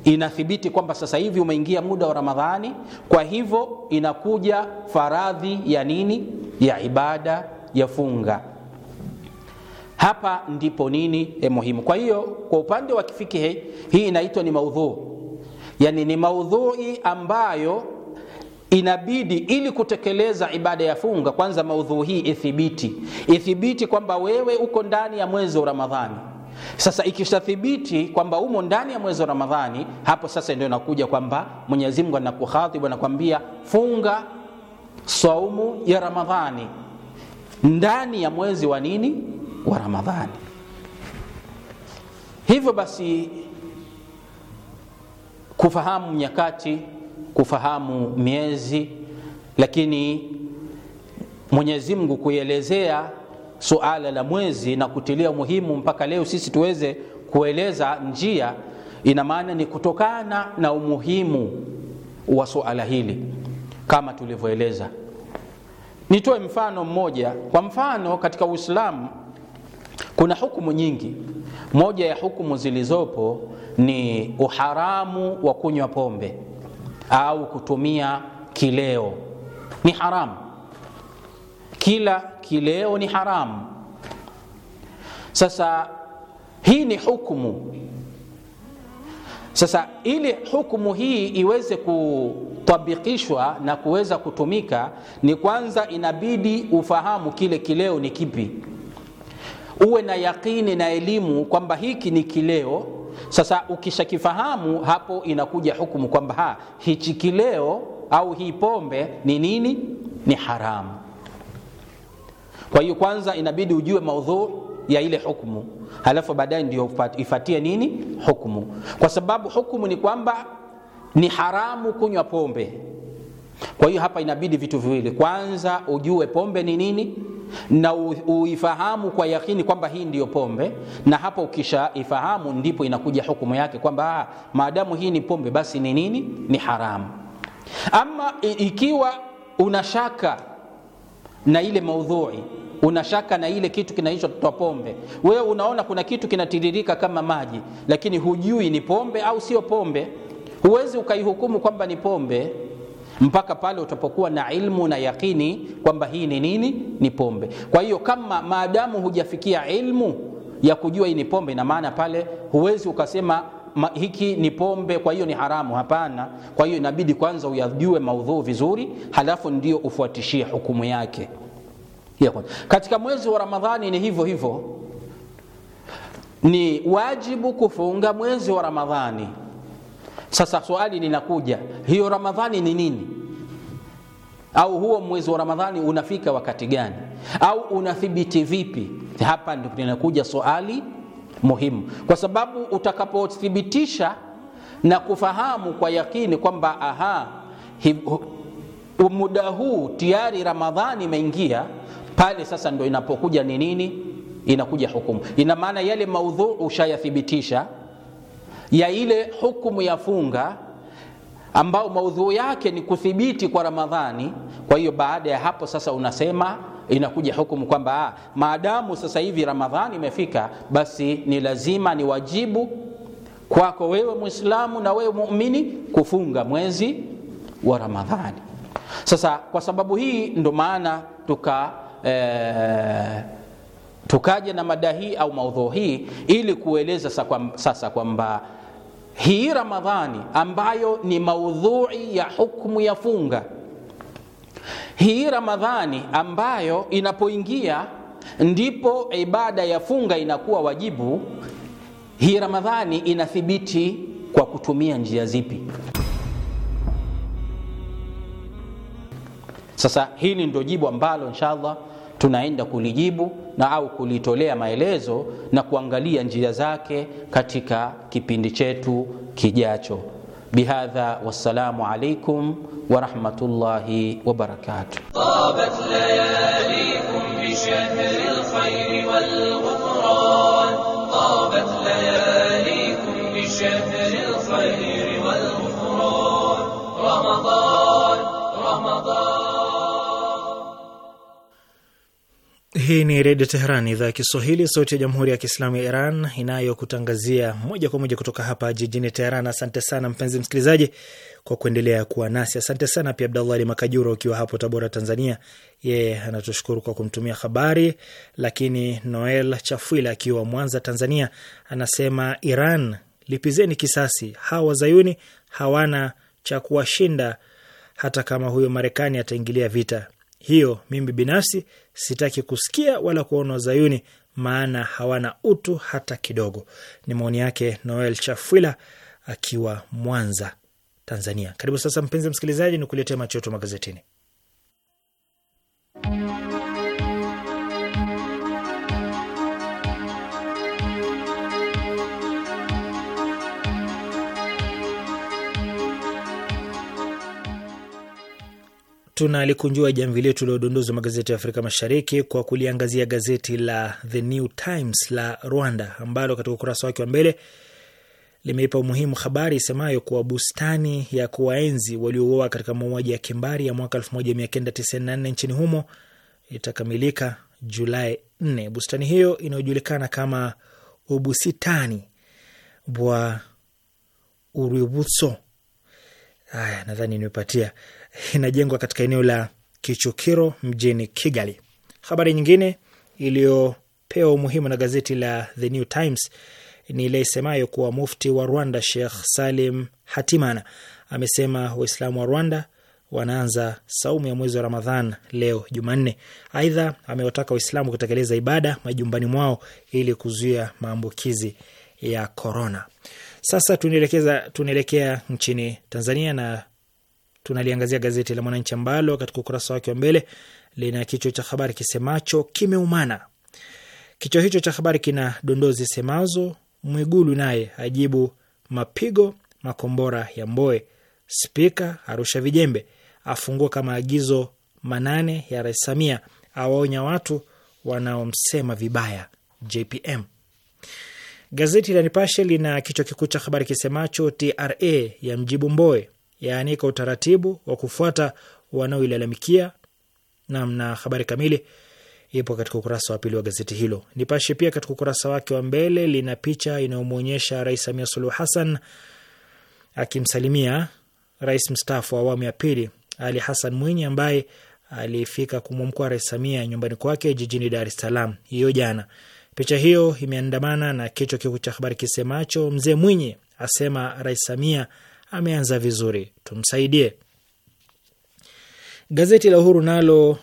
inathibiti kwamba sasa hivi umeingia muda wa Ramadhani. Kwa hivyo inakuja faradhi ya nini? Ya ibada ya funga. Hapa ndipo nini e muhimu. Kwa hiyo kwa upande wa kifikihi hii inaitwa ni maudhu, yani ni maudhui ambayo inabidi ili kutekeleza ibada ya funga, kwanza maudhu hii ithibiti, ithibiti kwamba wewe uko ndani ya mwezi wa Ramadhani. Sasa ikishathibiti kwamba umo ndani ya mwezi wa Ramadhani, hapo sasa ndio inakuja kwamba Mwenyezi Mungu anakukhatibu, anakwambia funga saumu ya Ramadhani ndani ya mwezi wa nini wa Ramadhani. Hivyo basi kufahamu nyakati kufahamu miezi, lakini Mwenyezi Mungu kuielezea suala la mwezi na kutilia muhimu mpaka leo sisi tuweze kueleza njia, ina maana ni kutokana na umuhimu wa suala hili kama tulivyoeleza. Nitoe mfano mmoja. Kwa mfano, katika Uislamu kuna hukumu nyingi. Moja ya hukumu zilizopo ni uharamu wa kunywa pombe au kutumia kileo ni haramu. Kila kileo ni haramu. Sasa hii ni hukumu. Sasa ili hukumu hii iweze kutabikishwa na kuweza kutumika, ni kwanza inabidi ufahamu kile kileo ni kipi, uwe na yakini na elimu kwamba hiki ni kileo sasa ukishakifahamu hapo, inakuja hukumu kwamba ha hichi kileo au hii pombe ni nini? Ni haramu. Kwa hiyo kwanza inabidi ujue maudhu ya ile hukumu, halafu baadaye ndio ifatie nini hukumu, kwa sababu hukumu ni kwamba ni haramu kunywa pombe. Kwa hiyo hapa inabidi vitu viwili, kwanza ujue pombe ni nini na uifahamu kwa yakini kwamba hii ndiyo pombe, na hapo ukishaifahamu ndipo inakuja hukumu yake kwamba ah, maadamu hii ni pombe basi ni nini? Ni haramu. Ama ikiwa unashaka na ile maudhui unashaka na ile kitu kinaitwa pombe. Wewe unaona kuna kitu kinatiririka kama maji, lakini hujui ni pombe au sio pombe, huwezi ukaihukumu kwamba ni pombe mpaka pale utapokuwa na ilmu na yaqini kwamba hii ni nini, ni pombe. Kwa hiyo kama maadamu hujafikia ilmu ya kujua hii ni pombe, ina maana pale huwezi ukasema ma, hiki ni pombe, kwa hiyo ni haramu. Hapana. Kwa hiyo inabidi kwanza uyajue maudhuu vizuri, halafu ndio ufuatishie hukumu yake. katika mwezi wa Ramadhani ni hivyo hivyo, ni wajibu kufunga mwezi wa Ramadhani. Sasa swali linakuja, hiyo Ramadhani ni nini? Au huo mwezi wa Ramadhani unafika wakati gani? Au unathibiti vipi? Hapa ndipo linakuja swali muhimu, kwa sababu utakapothibitisha na kufahamu kwa yakini kwamba aha, muda huu tayari Ramadhani imeingia, pale sasa ndo inapokuja ni nini? Inakuja hukumu. Ina maana yale maudhuu ushayathibitisha ya ile hukumu ya funga ambao maudhuu yake ni kuthibiti kwa Ramadhani. Kwa hiyo baada ya hapo sasa unasema inakuja hukumu kwamba ah, maadamu sasa hivi Ramadhani imefika, basi ni lazima ni wajibu kwako wewe Muislamu na wewe muumini kufunga mwezi wa Ramadhani. Sasa kwa sababu hii ndo maana tuka eh, tukaja na mada hii au maudho hii ili kueleza sasa kwamba hii Ramadhani ambayo ni maudhui ya hukmu ya funga, hii Ramadhani ambayo inapoingia ndipo ibada ya funga inakuwa wajibu, hii Ramadhani inathibiti kwa kutumia njia zipi? Sasa hili ndio jibu ambalo inshallah tunaenda kulijibu na au kulitolea maelezo na kuangalia njia zake katika kipindi chetu kijacho. Bihadha, wassalamu alaikum warahmatullahi wabarakatuh. Tabat layalikum Ramadan, Ramadan Hii ni Redio Teheran, idhaa ya Kiswahili, sauti ya Jamhuri ya Kiislamu ya Iran, inayokutangazia moja kwa moja kutoka hapa jijini Teheran. Asante sana mpenzi msikilizaji kwa kuendelea kuwa nasi. Asante sana pia Abdallah Ali Makajura, ukiwa hapo Tabora, Tanzania, yeye anatushukuru kwa kumtumia habari. Lakini Noel Chafwila akiwa Mwanza, Tanzania, anasema Iran lipizeni kisasi, hawa wazayuni hawana cha kuwashinda, hata kama huyo Marekani ataingilia vita hiyo mimi binafsi sitaki kusikia wala kuona Wazayuni, maana hawana utu hata kidogo. Ni maoni yake Noel Chafwila akiwa Mwanza, Tanzania. Karibu sasa, mpenzi msikilizaji, ni kuletea macho yetu magazetini. tunalikunjua jamvi letu la udondozi wa magazeti ya Afrika Mashariki kwa kuliangazia gazeti la The New Times la Rwanda, ambalo katika ukurasa wake wa mbele limeipa umuhimu habari isemayo kuwa bustani ya kuwaenzi waliouawa katika mauaji ya kimbari ya mwaka 1994 nchini humo itakamilika Julai 4. Bustani hiyo inayojulikana kama Ubusitani bwa Urwibutso. Aya, nadhani nimepatia inajengwa katika eneo la Kichukiro mjini Kigali. Habari nyingine iliyopewa umuhimu na gazeti la The New Times ni ile isemayo kuwa mufti wa Rwanda Sheikh Salim Hatimana amesema Waislamu wa Rwanda wanaanza saumu ya mwezi wa Ramadhan leo Jumanne. Aidha, amewataka Waislamu kutekeleza ibada majumbani mwao ili kuzuia maambukizi ya korona. Sasa tunaelekea nchini Tanzania na tunaliangazia gazeti la Mwananchi ambalo katika ukurasa wake wa mbele lina kichwa cha habari kisemacho kimeumana. Kichwa hicho cha habari kina dondoo zisemazo Mwigulu naye ajibu mapigo makombora ya Mboe, spika arusha vijembe, afungua kama agizo manane ya Rais Samia, awaonya watu wanaomsema vibaya JPM. Gazeti la Nipashe lina kichwa kikuu cha habari kisemacho TRA ya mjibu Mboe, yaanika utaratibu wa kufuata wanaoilalamikia namna. Habari kamili ipo katika ukurasa wa pili wa gazeti hilo. Nipashe pia katika ukurasa wake wa mbele lina picha inayomwonyesha Rais Samia Suluhu Hassan akimsalimia rais mstaafu wa awamu ya pili Ali Hassan Mwinyi ambaye alifika kumwamkua Rais Samia nyumbani kwake jijini Dar es Salaam hiyo jana. Picha hiyo imeandamana na kichwa kikuu cha habari kisemacho, Mzee Mwinyi asema Rais Samia ameanza vizuri, tumsaidie. Gazeti la Uhuru nalo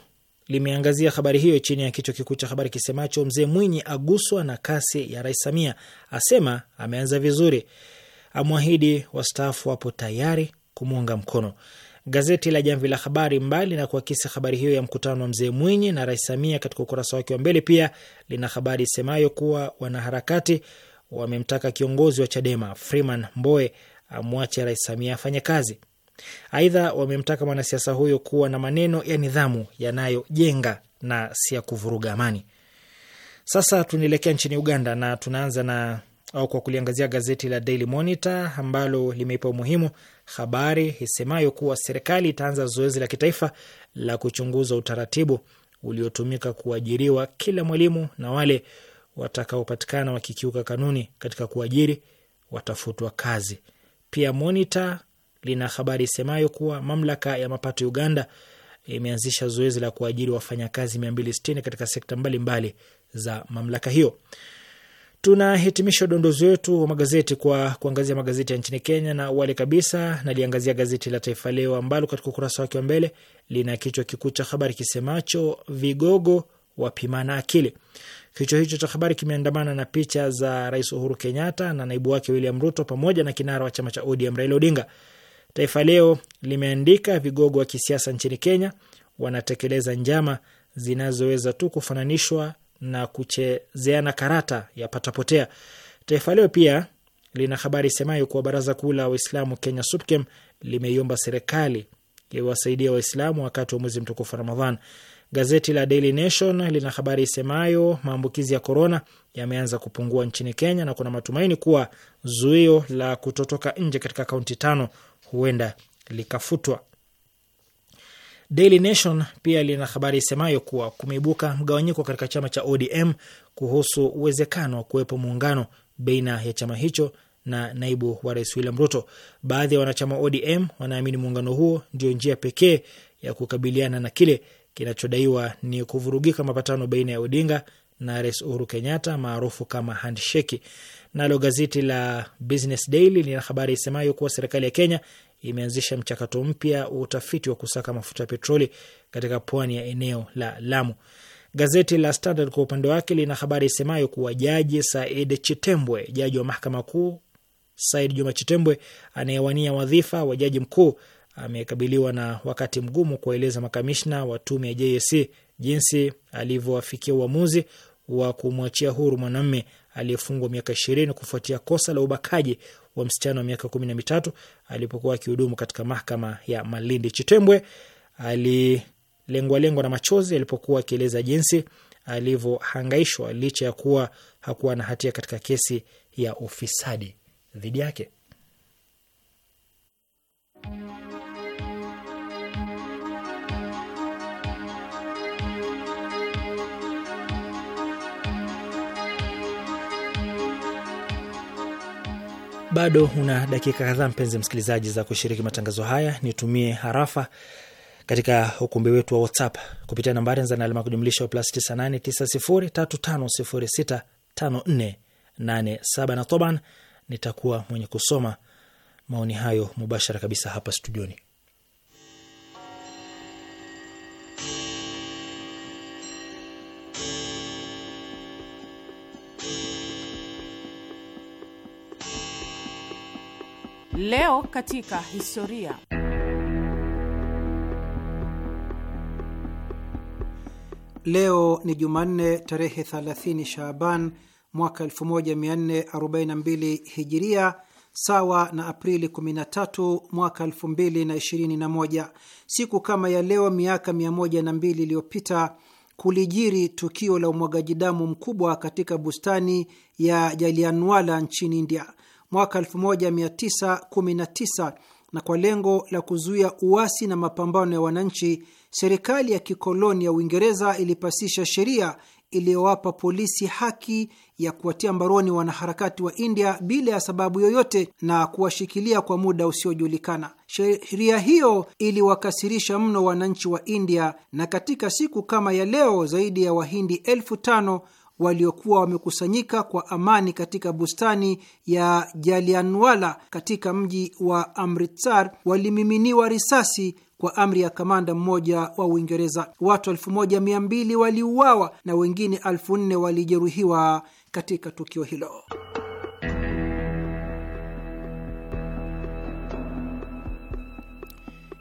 limeangazia habari hiyo chini ya kichwa kikuu cha habari kisemacho Mzee Mwinyi aguswa na kasi ya Rais Samia, asema ameanza vizuri, amwahidi wastaafu wapo tayari kumuunga mkono. Gazeti la Jamvi la Habari, mbali na kuakisi habari hiyo ya mkutano wa Mzee Mwinyi na Rais Samia katika ukurasa wake wa mbele, pia lina habari isemayo kuwa wanaharakati wamemtaka kiongozi wa Chadema Freeman Mbowe amwache Rais Samia afanye kazi. Aidha, wamemtaka mwanasiasa huyo kuwa na maneno ya nidhamu yanayojenga na si ya kuvuruga amani. Sasa tunaelekea nchini Uganda na tunaanza na au kwa kuliangazia gazeti la Daily Monitor ambalo limeipa umuhimu habari isemayo kuwa serikali itaanza zoezi la kitaifa la kuchunguza utaratibu uliotumika kuajiriwa kila mwalimu na wale watakaopatikana wakikiuka kanuni katika kuajiri watafutwa kazi. Pia Monitor lina habari isemayo kuwa mamlaka ya mapato Uganda imeanzisha zoezi la kuajiri wafanyakazi 260 katika sekta mbalimbali mbali za mamlaka hiyo. Tunahitimisha udondozi wetu wa magazeti kwa kuangazia magazeti ya nchini Kenya, na wale kabisa naliangazia gazeti la Taifa Leo ambalo katika ukurasa wake wa mbele lina kichwa kikuu cha habari kisemacho vigogo wapimana akili. Kichwa hicho cha habari kimeandamana na picha za Rais Uhuru Kenyatta na naibu wake William Ruto pamoja na kinara wa chama cha ODM Raila Odinga. Taifa Leo limeandika vigogo wa kisiasa nchini Kenya wanatekeleza njama zinazoweza tu kufananishwa na kuchezeana karata ya patapotea. Taifa Leo pia lina habari semayo kuwa baraza kuu la Waislamu Kenya SUPKEM limeiomba serikali iwasaidia Waislamu wakati wa mwezi mtukufu Ramadhan. Gazeti la Daily Nation lina habari isemayo maambukizi ya korona yameanza kupungua nchini Kenya na kuna matumaini kuwa zuio la kutotoka nje katika kaunti tano huenda likafutwa. Daily Nation pia lina habari isemayo kuwa kumeibuka mgawanyiko katika chama cha ODM kuhusu uwezekano wa kuwepo muungano baina ya chama hicho na naibu wa rais William Ruto. Baadhi ya wanachama wa ODM wanaamini muungano huo ndio njia pekee ya kukabiliana na kile kinachodaiwa ni kuvurugika mapatano baina ya Odinga na Rais Uhuru Kenyatta maarufu kama handsheki. Nalo gazeti la Business Daily lina habari isemayo kuwa serikali ya Kenya imeanzisha mchakato mpya wa utafiti wa kusaka mafuta ya petroli katika pwani ya eneo la Lamu. Gazeti la Standard kwa upande wake lina habari isemayo kuwa Jaji Said Chitembwe, jaji wa mahakama kuu Said Juma Chitembwe anayewania wadhifa wa jaji mkuu amekabiliwa na wakati mgumu kuwaeleza makamishna wa tume ya JSC jinsi alivyoafikia uamuzi wa kumwachia huru mwanamme aliyefungwa miaka ishirini kufuatia kosa la ubakaji wa msichana wa miaka kumi na mitatu alipokuwa akihudumu katika mahakama ya Malindi. Chitembwe alilengwalengwa na machozi alipokuwa akieleza jinsi alivyohangaishwa licha ya kuwa hakuwa na hatia katika kesi ya ufisadi dhidi yake. Bado una dakika kadhaa, mpenzi msikilizaji, za kushiriki matangazo haya. Nitumie harafa katika ukumbi wetu wa WhatsApp kupitia nambari za alama kujumlisha plus 989035065487 na toban. Nitakuwa mwenye kusoma maoni hayo mubashara kabisa hapa studioni. Leo katika historia. Leo ni Jumanne tarehe 30 Shaaban mwaka 1442 Hijiria, sawa na Aprili 13 mwaka 2021. Siku kama ya leo miaka 102 iliyopita kulijiri tukio la umwagaji damu mkubwa katika bustani ya Jalianwala nchini India mwaka 1919 na kwa lengo la kuzuia uasi na mapambano ya wananchi, serikali ya kikoloni ya Uingereza ilipasisha sheria iliyowapa polisi haki ya kuwatia mbaroni wanaharakati wa India bila ya sababu yoyote na kuwashikilia kwa muda usiojulikana. Sheria hiyo iliwakasirisha mno wananchi wa India, na katika siku kama ya leo zaidi ya Wahindi elfu tano waliokuwa wamekusanyika kwa amani katika bustani ya Jalianwala katika mji wa Amritsar walimiminiwa risasi kwa amri ya kamanda mmoja wa Uingereza. Watu elfu moja mia mbili waliuawa na wengine elfu nne walijeruhiwa katika tukio hilo.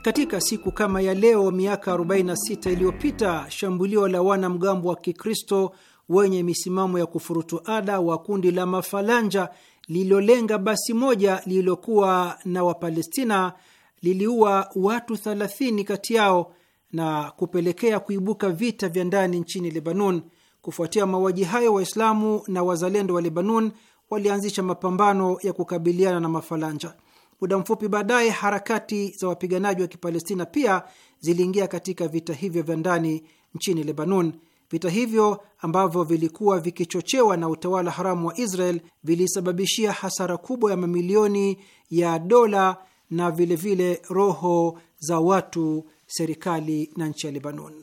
Katika siku kama ya leo miaka 46 iliyopita, shambulio la wanamgambo wa Kikristo wenye misimamo ya kufurutu ada wa kundi la Mafalanja lililolenga basi moja lililokuwa na Wapalestina liliua watu 30 kati yao na kupelekea kuibuka vita vya ndani nchini Lebanon. Kufuatia mauaji hayo, Waislamu na wazalendo wa Lebanon walianzisha mapambano ya kukabiliana na Mafalanja. Muda mfupi baadaye, harakati za wapiganaji wa Kipalestina pia ziliingia katika vita hivyo vya ndani nchini Lebanon. Vita hivyo ambavyo vilikuwa vikichochewa na utawala haramu wa Israel vilisababishia hasara kubwa ya mamilioni ya dola na vilevile vile roho za watu, serikali na nchi ya Lebanon.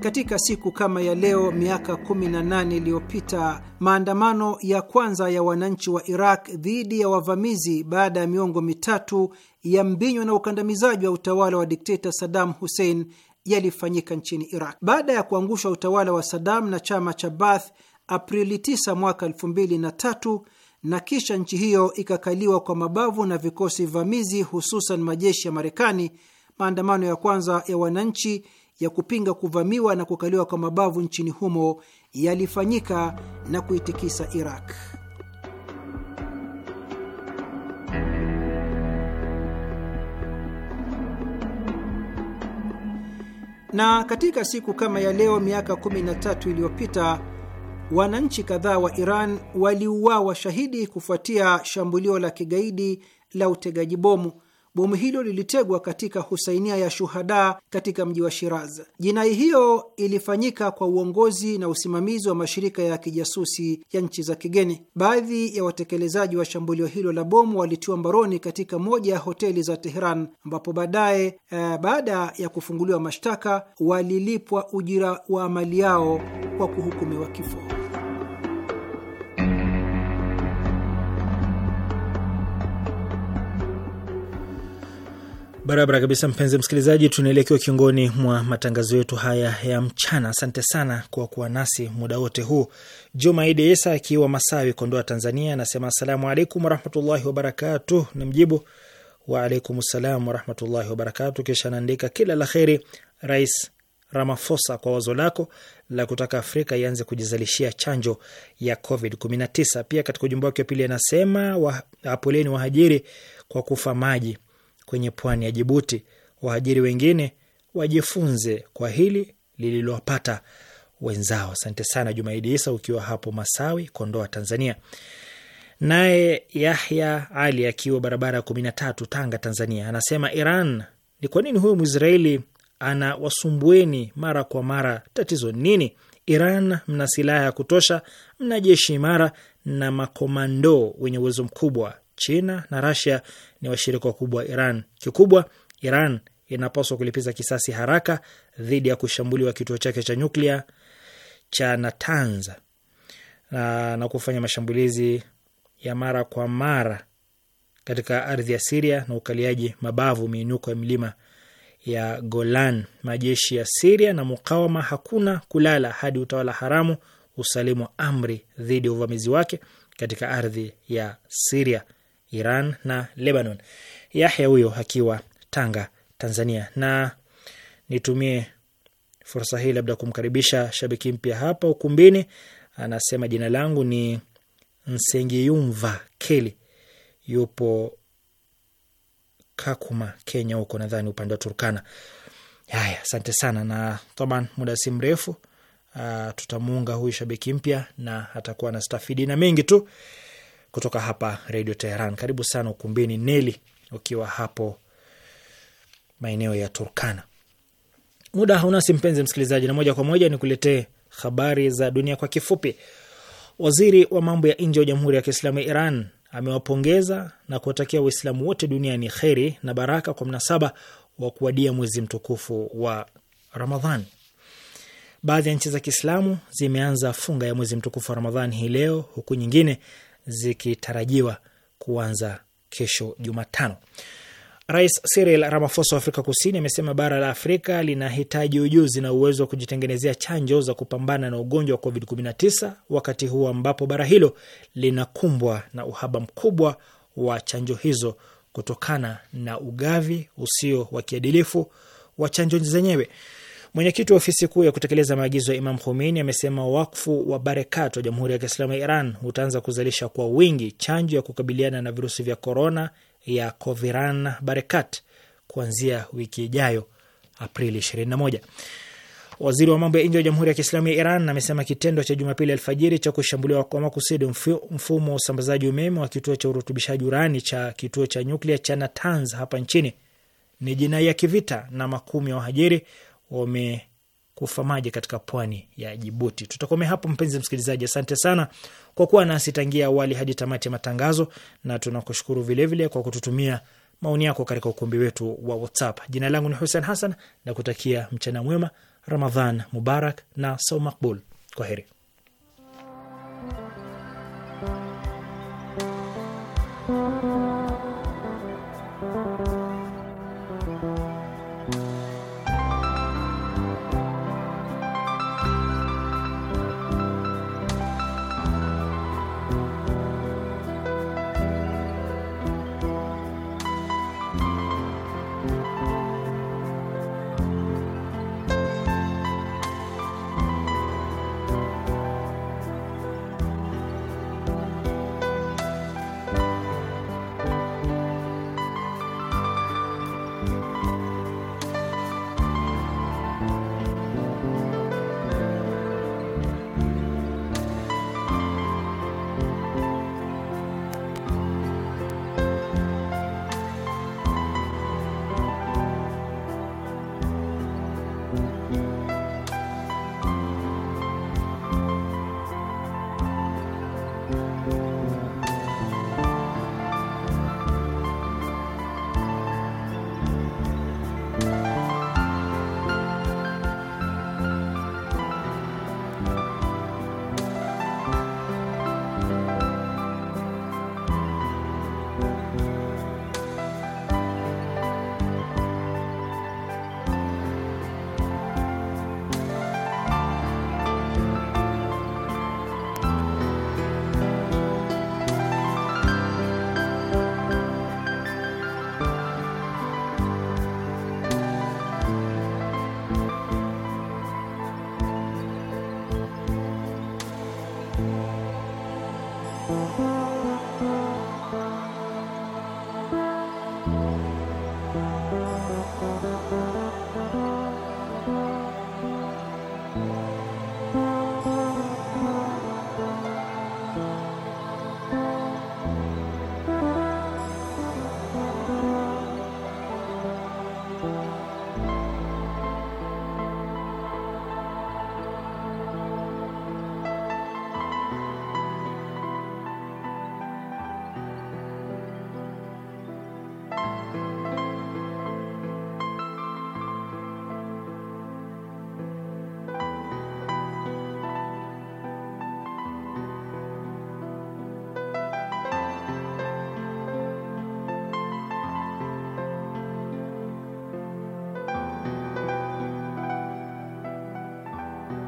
Katika siku kama ya leo miaka 18 iliyopita maandamano ya kwanza ya wananchi wa Iraq dhidi ya wavamizi baada ya miongo mitatu ya mbinywa na ukandamizaji wa utawala wa dikteta Saddam Hussein yalifanyika nchini Iraq baada ya kuangusha utawala wa Saddam na chama cha Baath Aprili 9 mwaka 2003 na kisha nchi hiyo ikakaliwa kwa mabavu na vikosi vamizi, hususan majeshi ya Marekani. Maandamano ya kwanza ya wananchi ya kupinga kuvamiwa na kukaliwa kwa mabavu nchini humo yalifanyika na kuitikisa Iraq. Na katika siku kama ya leo miaka 13 iliyopita wananchi kadhaa wa Iran waliuawa shahidi kufuatia shambulio la kigaidi la utegaji bomu Bomu hilo lilitegwa katika husainia ya shuhada katika mji wa Shiraz. Jinai hiyo ilifanyika kwa uongozi na usimamizi wa mashirika ya kijasusi ya nchi za kigeni. Baadhi ya watekelezaji wa shambulio hilo la bomu walitiwa mbaroni katika moja ya hoteli za Teheran, ambapo baadaye eh, baada ya kufunguliwa mashtaka walilipwa ujira wa amali yao kwa kuhukumiwa kifo. Barabara kabisa, mpenzi msikilizaji, tunaelekewa kiongoni mwa matangazo yetu haya ya mchana. Asante sana kwa kuwa nasi muda wote huu. Juma Idi Isa akiwa Masawi, Kondoa, Tanzania, anasema asalamu alaikum warahmatullahi wabarakatu, ni mjibu waalaikum salam warahmatullahi wabarakatu, kisha anaandika kila la kheri Rais ramafosa kwa wazo lako la kutaka Afrika ianze kujizalishia chanjo ya Covid 19. Pia katika ujumbe wake wa pili anasema wa, apoleni wahajiri kwa kufa maji kwenye pwani ya Jibuti. waajiri wengine wajifunze kwa hili lililowapata wenzao. Asante sana Jumaidi Isa, ukiwa hapo Masawi, Kondoa, Tanzania. Naye Yahya Ali akiwa barabara ya kumi na tatu, Tanga, Tanzania, anasema Iran, ni kwa nini huyu Mwisraeli ana wasumbueni mara kwa mara? Tatizo nini? Iran mna silaha ya kutosha, mna jeshi imara na makomando wenye uwezo mkubwa. China na Rasia ni washirika wakubwa wa Iran. Kikubwa, Iran inapaswa kulipiza kisasi haraka dhidi ya kushambuliwa kituo chake cha nyuklia cha Natanz na, na kufanya mashambulizi ya mara kwa mara katika ardhi ya Siria na ukaliaji mabavu miinuko ya milima ya Golan. Majeshi ya Siria na mukawama hakuna kulala hadi utawala haramu usalimu amri dhidi ya uvamizi wake katika ardhi ya Siria. Iran na Lebanon. Yahya huyo akiwa Tanga, Tanzania. Na nitumie fursa hii labda kumkaribisha shabiki mpya hapa ukumbini. Anasema jina langu ni Nsengiyumva Keli, yupo Kakuma, Kenya huko nadhani upande wa Turkana. Haya, asante sana, na taban muda si mrefu ah, tutamuunga huyu shabiki mpya na atakuwa stafidi na mengi tu kutoka hapa Redio Teheran. Karibu sana ukumbini Neli ukiwa hapo maeneo ya Turkana. Muda haunasi mpenzi msikilizaji, na moja kwa moja ni kuletee habari za dunia kwa kifupi. Waziri wa mambo ya nje wa Jamhuri ya Kiislamu ya Iran amewapongeza na kuwatakia Waislamu wote duniani kheri na baraka kwa mnasaba wa kuwadia mwezi mtukufu wa Ramadhan. Baadhi ya nchi za Kiislamu zimeanza funga ya mwezi mtukufu wa Ramadhan hii leo, huku nyingine zikitarajiwa kuanza kesho Jumatano. Rais Cyril Ramaphosa wa Afrika Kusini amesema bara la Afrika linahitaji ujuzi na uwezo wa kujitengenezea chanjo za kupambana na ugonjwa wa COVID-19 wakati huu ambapo bara hilo linakumbwa na uhaba mkubwa wa chanjo hizo kutokana na ugavi usio wa kiadilifu wa chanjo zenyewe. Mwenyekiti wa ofisi kuu ya kutekeleza maagizo ya Imam Khomeini amesema wakfu wa Barekat wa Jamhuri ya Kiislamu ya Iran utaanza kuzalisha kwa wingi chanjo ya kukabiliana na virusi vya korona ya Coviran Barekat kuanzia wiki ijayo Aprili 21. Waziri wa mambo ya nje wa Jamhuri ya Kiislamu ya Iran amesema kitendo cha Jumapili alfajiri cha kushambuliwa kwa makusudi mfumo wa usambazaji umeme wa kituo cha urutubishaji urani cha kituo cha nyuklia cha Natanz hapa nchini ni jinai ya kivita na makumi ya wahajiri wamekufa maji katika pwani ya Jibuti. Tutakomea hapo mpenzi msikilizaji, asante sana kwa kuwa nasi tangia awali hadi tamati ya matangazo, na tunakushukuru vilevile kwa kututumia maoni yako katika ukumbi wetu wa WhatsApp. Jina langu ni Hussein Hassan na kutakia mchana mwema, Ramadhan Mubarak na sau makbul. Kwa heri.